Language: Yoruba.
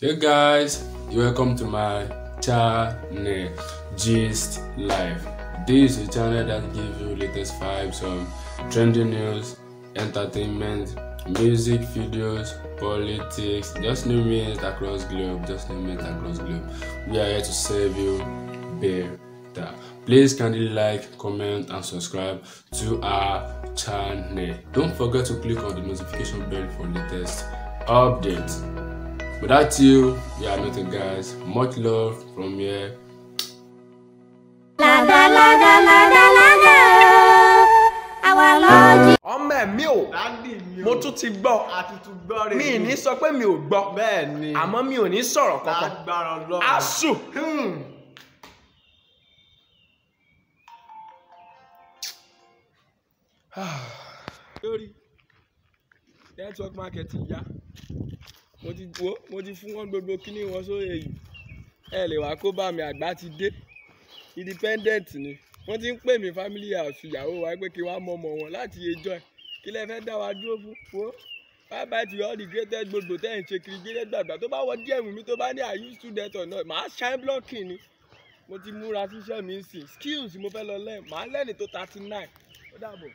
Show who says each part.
Speaker 1: Hey guys, welcome to my channel, Gist Life. This is a channel that gives you latest vibes on trendy news, entertainment, music videos, politics, just new it across globe, just new it across globe. We are here to serve you better. Please kindly like, comment and subscribe to our channel. Don't forget to click on the notification bell for latest updates. But that's you, Yeah, nothing, guys. Much love from here. Laga, laga,
Speaker 2: laga, laga. Our Lord. ọmọ ẹ mi ò mo tún ti gbọ́ mi ní sọ pé mi ò gbọ́ àmọ́ mi ò ní sọ̀rọ̀ kankan asu. Hmm. lórí network market yá mo ti wo mo ti fún wọn gbogbo kíní wọn sóye yìí ẹ lè wá kó bá mi àgbà ti dé independent ni wọ́n ti ń pè mí family house ìyàwó wa pé kí wá mọ ọmọ wọn láti ẹjọ́ ẹ̀ kí lẹ fẹ́ dá wa dúró fún wo bye bye to all the greatest gbogbo tẹ́yìn ṣe kiri gbélé gbàgbà tó bá wọ díẹ̀ mú mi tó bá ní are you student or not màá shine blocking ni mo ti múra ṣíṣẹ́ mi ń skills mo fẹ́ lọ lẹ́yìn màá lẹ́ni tó thirty nine ó dàbọ̀.